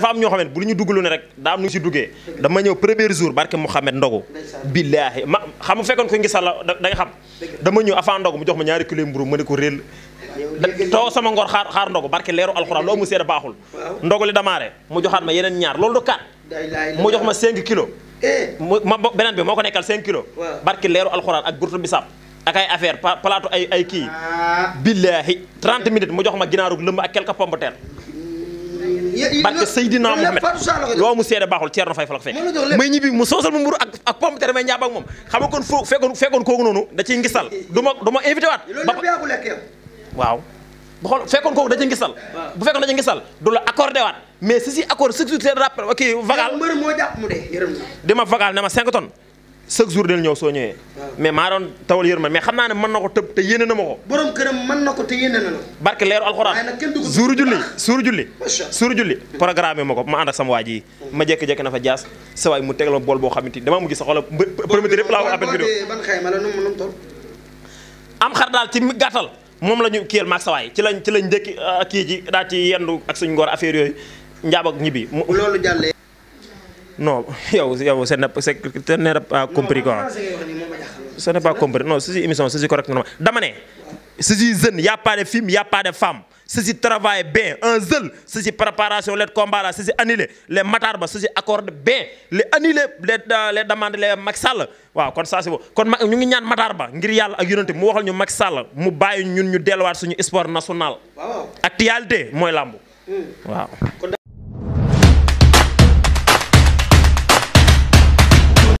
dafa am ñoo xamante bu lu ñu dugg lu ne rek daa am nu ñu si duggee dama ñëw premier jour barke Mouhamed ndogu billaahi ma xam nga fekkoon ko ngi sala da xam dama ñëw avant ndogu mu jox ma ñaari kilo mburu ma ne ko réel too sama ngor xaar xaar ndogu barke leeru alxuraan loo mu seeda baaxul ndogu li damaare mu joxaat ma yeneen ñaar loolu du kat mu jox ma 5 kilos eh. ma beneen bi moo ko nekkal 5 kilo barke leeru alxuraan ak burtu bisaab ak ay affaire plateau ay ay kii ah. billaahi 30 minutes mu jox ma ginaaru lëmb ak quelques pomme de terre barke Seydina Mohamed loo mu seede baaxul Thierno Faye fa la ko fekk may ñibbi mu soosal ma mburu ak ak pomme de terre may ñaab ak moom xam nga kon foo fekkoon fekkoon kooku noonu da ciy ngisal du ma du ma invité waat waaw bu xool fekkoon kooku da ciy ngisal bu fekkoon da ciy ngisal du la accordé waat mais si si accord surtout seen rappel ok vagal dama vagal ne ma 5 tonnes chaque jour del ñëw soo ñëwee. mais maa doon tawal yërma mais xam naa ne man na ko tëb te yéene na ma ko. borom këram mën na ko te yéene na la. barke leeru alxuraan suuru julli suuru julli. suuru julli programme ma ko ma ànd ak sama waa ji ma jékki-jékki na fa jaas sa mu tegal ma bool boo xamante ni damaa mujj sax wala premier lépp laa ko appel vidéo ban xayma la mu toll. am xar daal ci gàttal moom la ñu kiyal maag sa waay ci lañ ci lañ njëkki uh, kii ji daal ci yendu ak suñ ngoor affaire yooyu njaab ak ñibbi. bu non yow yow c' est n' est pas compris quoi. n' est pas compris non ceci émission ceci correct normal dama ne. ceci jeune y' a pas de film y' a pas de femme. ceci travaille bien un seul préparation les combats là ceci annulé les matar ba ceci accorde bien les annulé les euh, les demandes les Macky Sall waaw kon saa si boobu kon ñu ngi ñaan matar ba ngir yàlla ak yonante mu waxal ñu Macky Sall mu bàyyi ñun ñu delluwaat suñu sport national. actualité mooy làmb hmm. waaw.